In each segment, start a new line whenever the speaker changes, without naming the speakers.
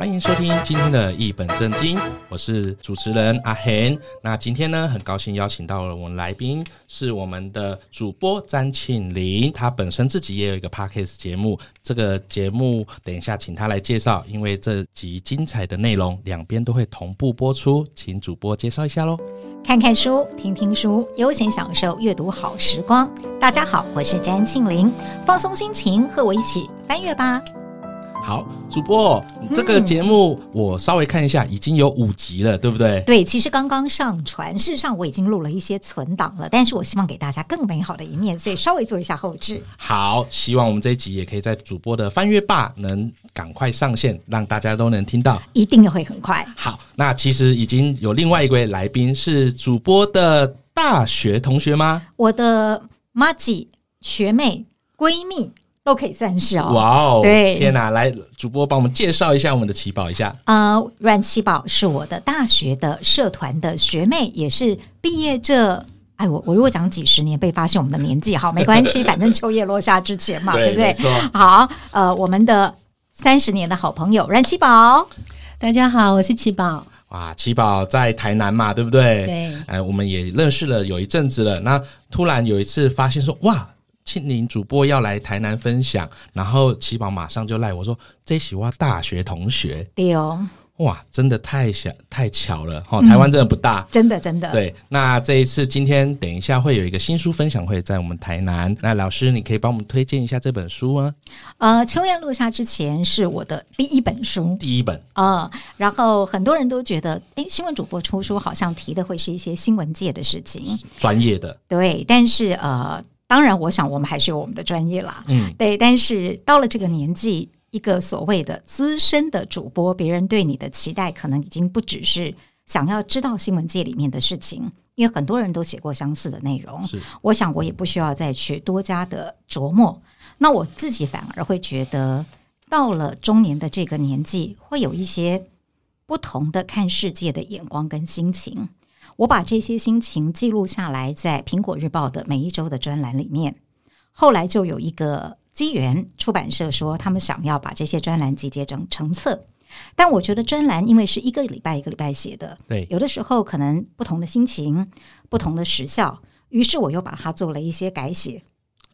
歡迎收聽今天的一本正經，我是主持人阿恆。那今天呢，很高興邀請到了我們來賓是我們的主播詹慶齡。他本身自己也有一個 podcast 節目，這個節目等一下請他來介紹，因為這集精彩的內容兩邊都會同步播出，請主播介紹一下嘍。
看看書，聽聽書，悠閒享受閱讀好時光。大家好，我是詹慶齡，放鬆心情，和我一起翻閱吧。
好，主播，這個節目我稍微看一下，嗯、已經有五集了，對不對？對，
其實剛剛上傳。事實上，我已經錄了一些存檔了，但是我希望給大家更美好的一面，所以稍微做一下後置。
好，希望我們這一集也可以在主播的翻閱 bar，能趕快上線，讓大家都能聽到，
一定會很快。
好，那其實已經有另外一位來賓是主播的大學同學嗎？
我的麻吉學妹，閨蜜。都可以算是哦，哇哦！對，天哪！
來，主播幫我們介紹一下我們的琦寶一下。
啊、呃，阮琦寶是我的大學的社團的學妹，也是畢業這……哎，我我如果講幾十年被發現我們的年紀，好，沒關係，反正 秋葉落下之前嘛，對，對不對？沒錯。好，呃，我們的三十年的好朋友阮琦寶，大家好，我是琦寶。
哇，琦寶在台南嘛，對不對？對，哎、呃，我們也認識了有一陣子了。那突然有一次發現說，哇！青齡主播要來台南分享，然後奇寶馬上就來。我說：“這喜歡大學同學，對哦，哇，真的太巧太巧了！哦，嗯、台灣真的不大，
真的真的對。
那這一次今天，等一下會有一個新書分享會，在我們台南。那老師，你可以幫我們推薦一下這本書啊？
呃，秋葉落下之前是我
的第一本書，第一本
啊、呃。然後很多人都覺得，誒、欸，新聞主播出書，好像提的會是一些新聞界的事情，
專業的
對。但是呃。”當然，我想我們還是有我們的專業啦。嗯，對。但是到了這個年紀，一個所謂的資深的主播，別人對你的期待可能已經不只是想要知道新聞界裡面的事情，因為很多人都寫過相似的內容。是，我想我也不需要再去多加的琢磨。那我自己反而會覺得，到了中年的這個年紀，會有一些不同的看世界的眼光跟心情。我把這些心情記錄下來，在蘋果日報的每一周的專欄裡面。後來就有一個機緣，出版社說他們想要把這些專欄集結成成冊，但我覺得專欄因為是一個禮拜一個禮拜寫的，對，有的時候可能不同的心情、不同的時效，嗯、於是我又把它做了一些改寫。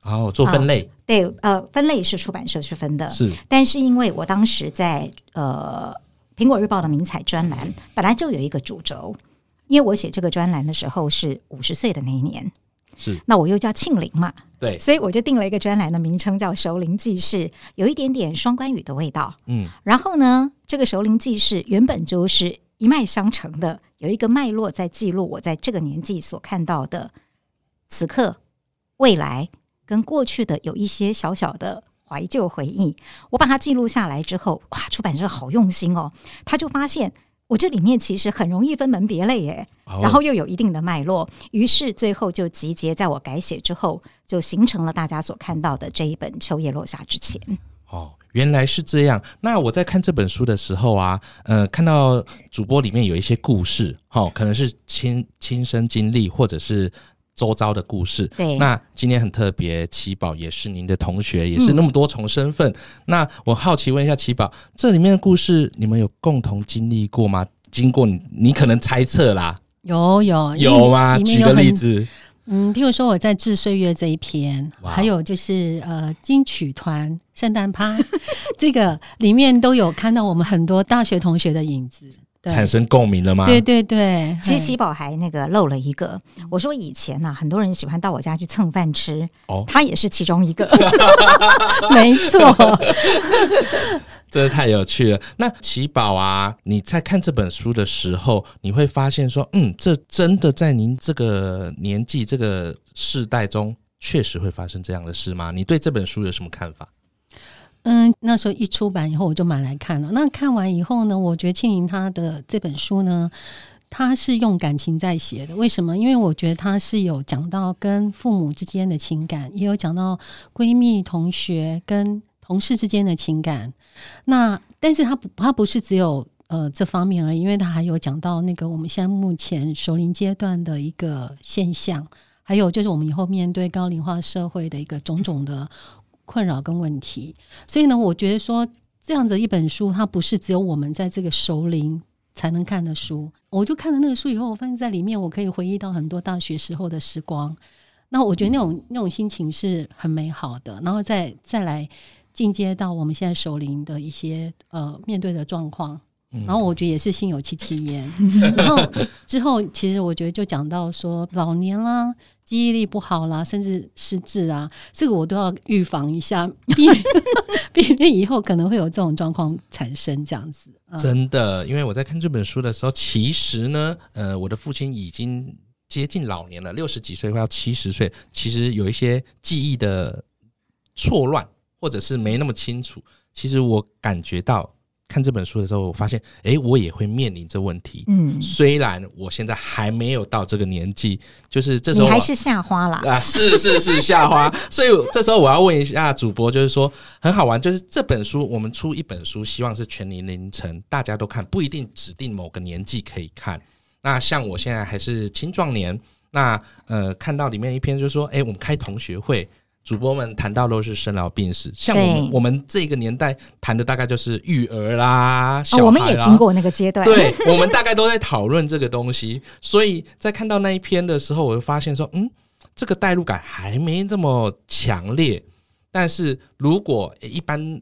哦，做分類、
啊，對，呃，分類是出版社去分的，是。但是因為我當時在呃蘋果日報的名采專欄本來就有一個主軸。因為我寫這個專欄的時候是五十歲的那一年，是，那我又叫慶齡嘛，對，所以我就定了一個專欄的名稱叫“熟齡記事”，有一點點雙關語的味道。嗯，然後呢，這個“熟齡記事”原本就是一脈相承的，有一個脈絡在記錄我在這個年紀所看到的此刻、未來跟過去的有一些小小的懷舊回憶。我把它記錄下來之後，哇，出版社好用心哦，他就發現。我這裡面其實很容易分門別類耶，然後又有一定的脈絡，於是、哦、最後就集結在我改寫之後，就形成了大家所看到的這一本《秋葉落下之前》。
哦，原來是這樣。那我在看這本書的時候啊，呃，看到主播裡面有一些故事，哦、可能是親親身經歷，或者是。周遭的故事，對，那今天很特別，琦寶也是您的同學，也是那麼多重身份。嗯、那我好奇問一下，琦寶，這裡面的故事你們有共同經歷過嗎？經過你，你可能猜測啦，
有有有嗎？舉個例子，嗯，比如說我在《致歲月》這一篇，哇還有就是呃，金曲團聖誕趴， 這個裡面都有看到我們很多大學同學的影子。對產
生共鳴了嗎？對對
對，其實琦寶還那個漏了一個。嗯、我說以前呢、啊，很多人喜歡到我家去蹭飯吃，哦，他也是其中一個， 沒錯，
真的太有趣了。那琦寶啊，你在看這本書的時候，你會發現說，嗯，這真的在您這個年紀、這個世代中，確實會發生這樣的事嗎？你對這本書有什麼看法？
嗯，那時候一出版以後，我就買來看了。那看完以後呢，我覺得慶齡他的這本書呢，他是用感情在寫的。為什麼？因為我覺得他是有講到跟父母之間的情感，也有講到閨蜜、同學跟同事之間的情感。那但是他不，他不是只有呃這方面而已，因為他還有講到那個我們現在目前熟齡階段的一個現象，還有就是我們以後面對高齡化社會的一個種種的困擾跟問題，所以呢，我覺得說這樣子一本書，它不是只有我們在這個熟齡才能看的書。我就看了那個書以後，我發現在裡面我可以回憶到很多大學時候的時光，那我覺得那種那種心情是很美好的。然後再再來進階到我們現在熟齡的一些呃面對的狀況。嗯、然後我覺得也是心有戚戚焉。 然後之後，其實我覺得就講到說老年啦，記憶力不好啦，甚至失智啊，這個我都要預防一下，避免， 避免以後可能會有這種狀況產生這樣子、啊。真
的，因為我在看這本書的時候，其實呢，呃，我的父親已經接近老年了，六十幾歲快要七十歲，其實有一些記憶的錯亂，或者是沒那麼清楚。其實我感覺到。看這本書的時候，我發現，哎、欸，我也會面臨這問題。嗯，雖然我現在還沒有到這個年紀，就是這時候你還是
夏花啦。啊，是
是是夏花。 所以這時候我要問一下主播，就是說很好玩，就是這本書我們出一本書，希望是全年齡層大家都看，不一定指定某個年紀可以看。那像我現在還是青壯年，那呃，看到裡面一篇就是說，哎、欸，我們開同學會。主播們談到都是生老病死，像我們，對我們這個年代談的大概就是育兒啦，小孩啦哦、我們也經過
那個階段， 對，
我們大概都在討論這個東西。所以在看到那一篇的時候，我就發現說，嗯，這個帶入感還沒這麼強烈。但是如果、欸、一般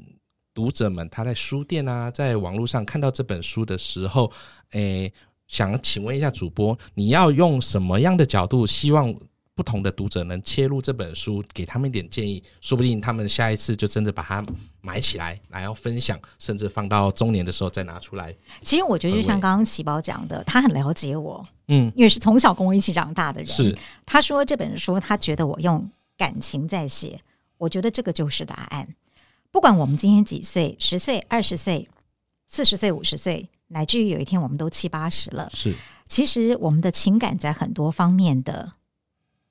讀者們他在書店啊，在網絡上看到這本書的時候，誒、欸，想請問一下主播，你要用什麼樣的角度，希望？不同的讀者能切入這本書，給他們一點建議，說不定他們下一次就真的把它買起來，然後分享，甚至放到中年的時候再拿出來。
其實我覺得，就像剛剛琦寶講的，他很了解我，嗯，因為是從小跟我一起長大的人。是他說這本書，他覺得我用感情在寫，我覺得這個就是答案。不管我們今天幾歲，十歲、二十歲、四十歲、五十歲，乃至於有一天我們都七八十了，是，其實我們的情感在很多方面的，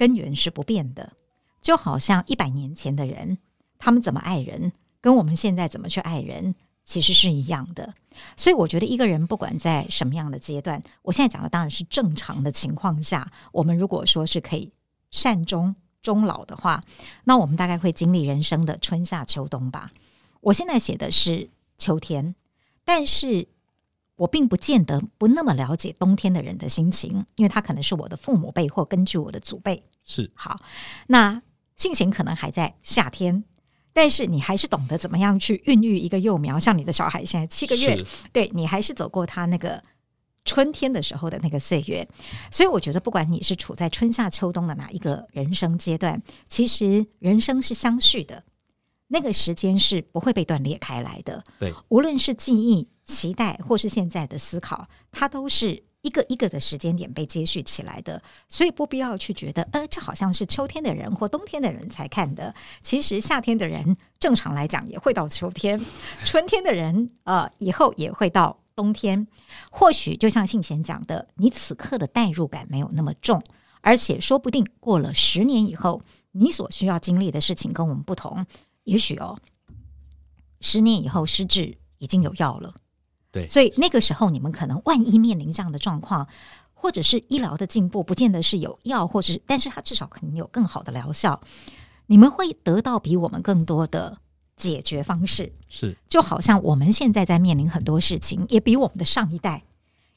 根源是不變的，就好像一百年前的人，他們怎麼愛人，跟我們現在怎麼去愛人，其實是一樣的。所以我覺得一個人不管在什麼樣的階段，我現在講的當然是正常的情況下，我們如果說是可以善終終老的話，那我們大概會經歷人生的春夏秋冬吧。我現在寫的是秋天，但是。我並不見得不那麼了解冬天的人的心情，因為他可能是我的父母輩或根據我的祖輩。是好，那性情可能還在夏天，但是你還是懂得怎麼樣去孕育一個幼苗，像你的小孩現在七個月，是對，你還是走過他那個春天的時候的那個歲月，所以我覺得不管你是處在春夏秋冬的哪一個人生階段，其實人生是相續的。那個時間是不會被斷裂開來的。對，無論是記憶、期待，或是現在的思考，它都是一個一個的時間點被接續起來的。所以不必要去覺得，呃，這好像是秋天的人或冬天的人才看的。其實夏天的人正常來講也會到秋天，春天的人啊、呃，以後也會到冬天。或許就像信賢講的，你此刻的代入感沒有那麼重，而且說不定過了十年以後，你所需要經歷的事情跟我們不同。也許哦，十年以後失智已經有藥了，對，所以那個時候你們可能萬一面臨這樣的狀況，或者是醫療的進步，不見得是有藥，或者是，但是它至少可能有更好的療效，你們會得到比我們更多的解決方式。是，就好像我們現在在面臨很多事情，也比我們的上一代，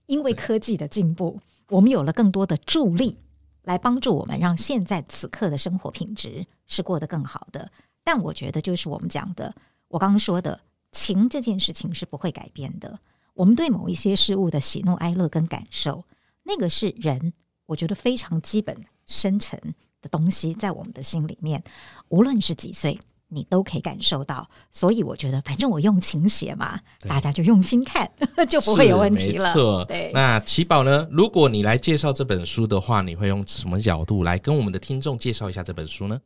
因為科技的進步，我們有了更多的助力，來幫助我們讓現在此刻的生活品質是過得更好的。但我覺得，就是我們講的，我剛剛說的情這件事情是不會改變的。我們對某一些事物的喜怒哀樂跟感受，那個是人我覺得非常基本、深沉的東西，在我們的心裡面，無論是幾歲，你都可以感受到。所以我覺得，反正我用情寫嘛，對大家就用心看， 就不會有問題了。沒錯。對那
琦寶呢？如果你來介紹這本書的話，你會用什麼角度來跟我們的聽眾介紹一下這本書呢？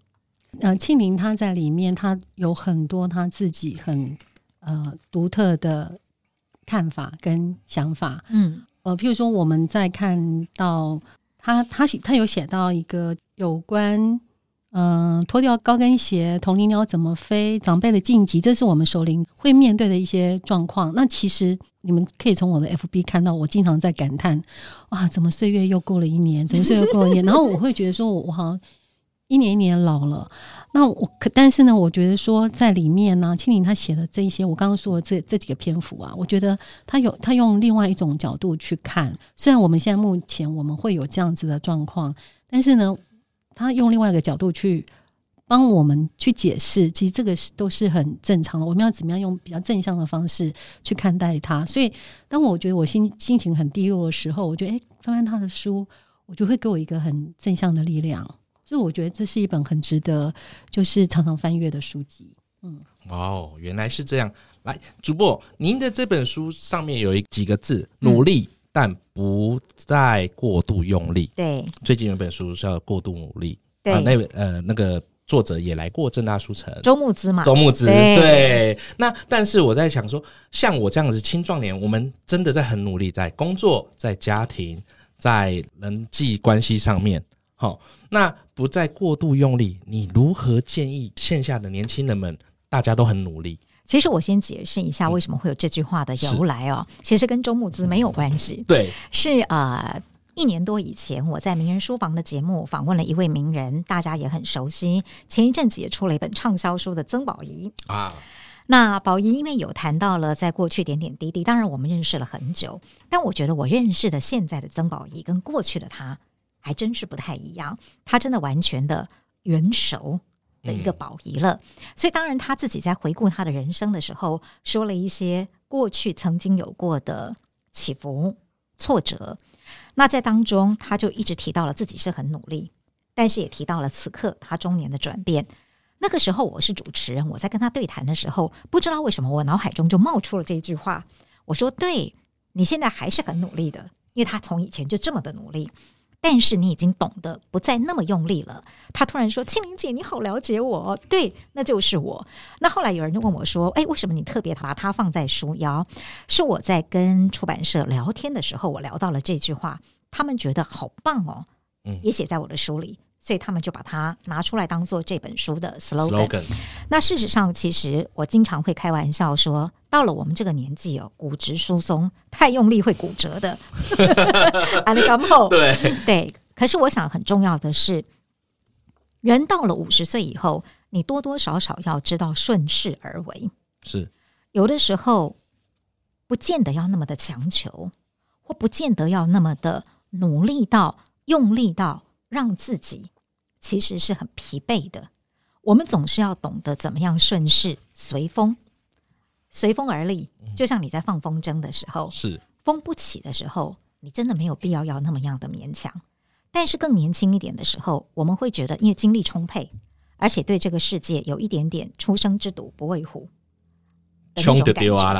嗯，慶齡、呃、他在裡面，他有很多他自己很呃獨特的看法跟想法。嗯，呃，譬如說，我們在看到他，他寫，他有寫到一個有關嗯脫、呃、掉高跟鞋，同齡鳥怎麼飛，長輩的晉級，這是我們熟齡會面對的一些狀況。那其實你們可以從我的 FB 看到，我經常在感嘆：哇，怎麼歲月又過了一年？怎麼歲月又過了一年？ 然後我會覺得說，我好像。一年一年老了，那我可，但是呢，我覺得說在裡面呢、啊，慶齡他寫的這一些，我剛剛說的這這幾個篇幅啊，我覺得他有他用另外一種角度去看。雖然我們現在目前我們會有這樣子的狀況，但是呢，他用另外一個角度去幫我們去解釋。其實這個是都是很正常的。我們要怎麼樣用比較正向的方式去看待他。所以，當我覺得我心心情很低落的時候，我覺得誒，翻翻他的書，我就會給我一個很正向的力量。所以我覺得這是一本很值得，就是常常翻閱的書籍。嗯，
哦，原來是這樣。來，主播，您的這本書上面有一幾個字：努力，嗯、但不再過度用力。對，最近有本書叫《過度努力》。對，呃那呃，那個作者也來過政大書城，周慕姿嘛，周慕姿對，對，那但是我在想說，像我這樣子青壯年，我們真的在很努力，在工作、在家庭、在人際關係上面。好、哦，那不再過度用力，你如何建議線下的年輕人們？大家都很努力。
其實我先解釋一下為什麼會有這句話的由來哦，嗯、其實跟周慕姿沒有關係、嗯。對，是呃一年多以前，我在名人書房的節目訪問了一位名人，大家也很熟悉。前一陣子也出了一本暢銷書的曾寶儀啊。那寶儀因為有談到了在過去點點滴滴，當然我們認識了很久，但我覺得我認識的現在的曾寶儀跟過去的他。還真是不太一樣，他真的完全的圓熟的一個寶儀了。嗯、所以當然他自己在回顧他的人生的時候，說了一些過去曾經有過的起伏挫折。那在當中，他就一直提到了自己是很努力，但是也提到了此刻他中年的轉變。那個時候我是主持人，我在跟他對談的時候，不知道為什麼我腦海中就冒出了這一句話。我說：“對你現在還是很努力的，因為他從以前就這麼的努力。”但是你已經懂得，不再那麼用力了。他突然說：“慶齡姐，你好了解我，對，那就是我。”那後來有人就問我說：“哎，為什麼你特別把它放在書腰？”是我在跟出版社聊天的時候，我聊到了這句話，他們覺得好棒哦，嗯，也寫在我的書裡。嗯所以他們就把它拿出來當做這本書的 slogan。 s 那事實上，其實我經常會開玩笑說，到了我們這個年紀哦，骨質疏鬆，太用力會骨折的。And I'm whole。對，可是我想很重要的是，人到了五十歲以後，你多多少少要知道順勢而為。是，有的時候，不見得要那麼的強求，或不見得要那麼的努力到，用力到。讓自己其實是很疲憊的。我們總是要懂得怎麼樣順勢隨風，隨風而立。就像你在放風箏的時候，是風不起的時候，你真的沒有必要要那麼樣的勉強。但是更年輕一點的時候，我們會覺得因為精力充沛，而且對這個世界有一點點“初生之犢不畏虎”。就對，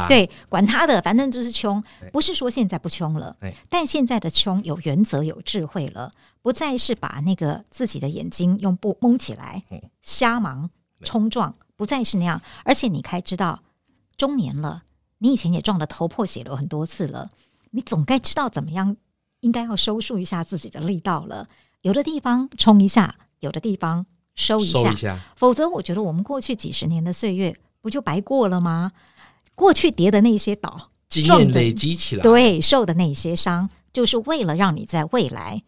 對，管他的，反正就是窮，不是說現在不窮了。欸、但現在的窮有原則、有智慧了，不再是把那個自己的眼睛用布蒙起來，瞎忙衝撞，不再是那樣。而且你該知道，中年了，你以前也撞得頭破血流很多次了，你總該知道怎麼樣，應該要收束一下自己的力道了。有的地方衝一下，有的地方收一下，一下否則我覺得我們過去幾十年的歲月，不就白過了嗎？過去跌的那些倒，
經驗累積起來，對，
受的那些傷，就是為了讓你在未來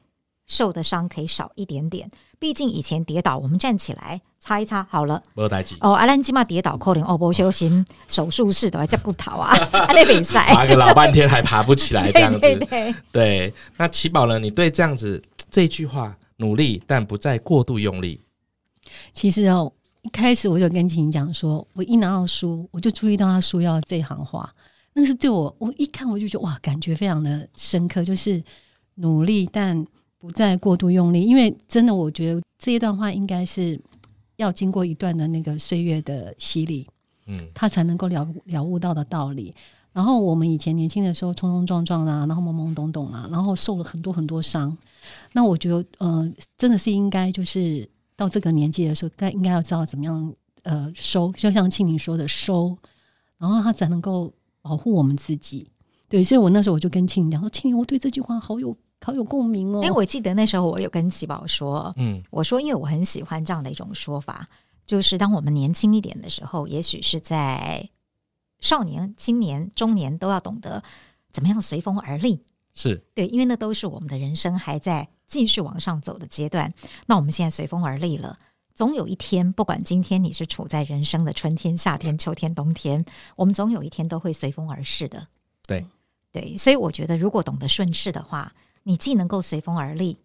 受的傷可以少一點點。畢竟以前跌倒，我們站起來擦一擦好
了，沒有大
礙。哦，阿蘭基嘛跌倒，可憐哦，不休息，手術室都還接骨頭
啊，阿那比賽爬個老半天還爬不起來，這樣子。 對對,對,對那琦寶呢？你對這樣子這句話，努力但不再過度用力。
其實哦。一開始我就跟琴講說，我一拿到書，我就注意到他書要這行話，那是對我，我一看我就覺得哇，感覺非常的深刻，就是努力但不再過度用力，因為真的，我覺得這一段話應該是要經過一段的那個歲月的洗禮，嗯，他才能夠了悟，了悟到的道理。然後我們以前年輕的時候，衝衝撞撞啊，然後懵懵懂懂啊，然後受了很多很多傷，那我覺得，嗯、呃，真的是應該就是。到這個年紀的時候，該應該要知道怎麼樣，呃，收，就像慶齡說的收，然後他才能夠保護我們自己。對，所以我那時候我就跟慶齡講說，慶齡，我對這句話好有好有
共鳴哦。因為，哎，我記得那時候我有跟琦寶說，嗯，我說因為我很喜歡這樣的一種說法，就是當我們年輕一點的時候，也許是在少年、青年、中年都要懂得怎麼樣隨風而立。是，對，因為那都是我們的人生還在繼續往上走的階段。那我們現在隨風而立了，總有一天，不管今天你是處在人生的春天、夏天、秋天、冬天，我們總有一天都會隨風而逝的。對對，所以我覺得，如果懂得順勢的話，你既能夠隨風而立，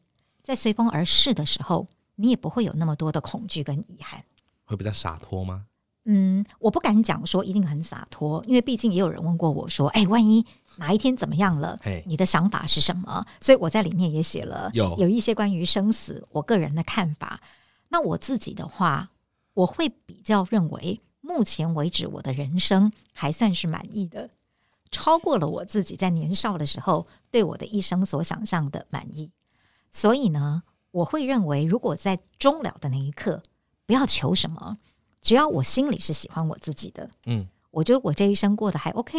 在隨風而逝的時候，你也不會有那麼多的恐懼跟遺憾。
會比較灑脫嗎？
嗯，我不敢講說一定很灑脫，因為畢竟也有人問過我說：“哎、欸，萬一哪一天怎麼樣了，嘿你的想法是什麼？”所以我在裡面也寫了有有一些關於生死我個人的看法。那我自己的話，我會比較認為，目前為止我的人生還算是滿意的，超過了我自己在年少的時候對我的一生所想象的滿意。所以呢，我會認為，如果在終了的那一刻，不要求什麼。只要我心裡是喜歡我自己的，
嗯，
我覺得我這一生過得還 OK，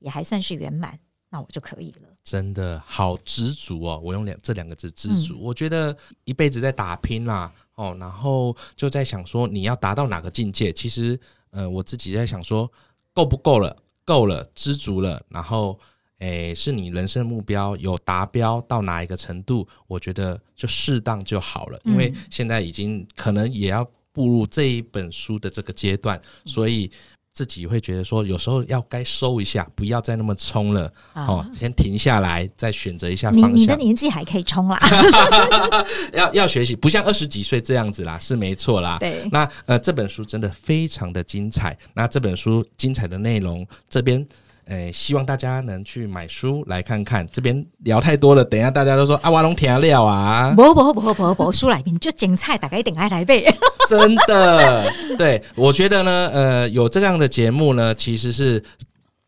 也還算是圓滿，那我就可以了。
真的好知足哦！我用兩這兩個字“知足”，嗯、我覺得一輩子在打拼啦，哦，然後就在想說你要達到哪個境界？其實，呃，我自己在想說夠不夠了？夠了，知足了。然後，哎、欸，是你人生目標有達標到哪一個程度？我覺得就適當就好了，嗯、因為現在已經可能也要。步入這一本書的這個階段，所以自己會覺得說，有時候要該收一下，不要再那麼衝了、啊、哦，先停下來，再選擇一下方式。你的
年紀還可以衝啦，
要要學習，不像二十幾歲這樣子啦，是沒錯啦。對，那呃，這本書真的非常的精彩。那這本書精彩的內容，這邊。欸、希望大家能去買書來看看。這邊聊太多了，等一下大家都說阿瓦隆填下料啊！啊不
好不好不好不不不，書來賓就最精彩，大家一定愛來唄
真的，對，我覺得呢，呃，有這樣的節目呢，其實是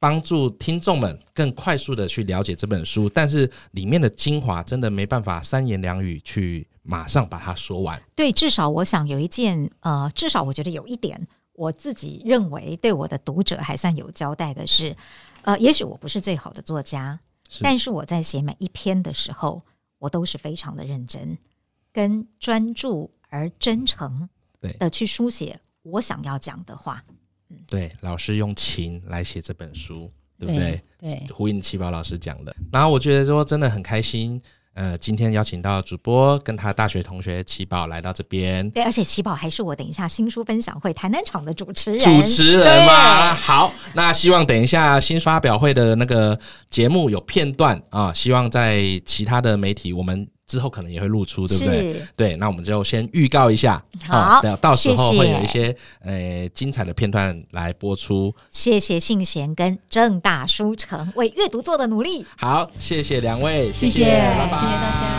幫助聽眾們更快速的去了解這本書，但是裡面的精華真的沒辦法三言兩語去馬上把它說完。
對，至少我想有一件，呃，至少我覺得有一點。我自己認為對我的讀者還算有交代的是，呃，也許我不是最好的作家，是但是我在寫每一篇的時候，我都是非常的認真、跟專注而真誠的去書寫我想要講的話。對嗯，
對，老師用情來寫這本書，對不對？對，呼應琦寶老師講的，然後我覺得說真的很開心。呃，今天邀請到主播跟他大學同學琦寶來到這邊，
對，而且琦寶還是我等一下新書分享會台南場的主持人，主持人嘛，
對好，那希望等一下新發表會的那個節目有片段啊，希望在其他的媒體，我們之後可能也會露出，對不對？是對，那我們就先預告一下。好，哦對啊，到時候會有一些謝謝呃，精彩的片段來播出。
謝謝信賢跟政大書城為閱讀做的努力。
好，謝謝兩位，謝謝，謝謝大家。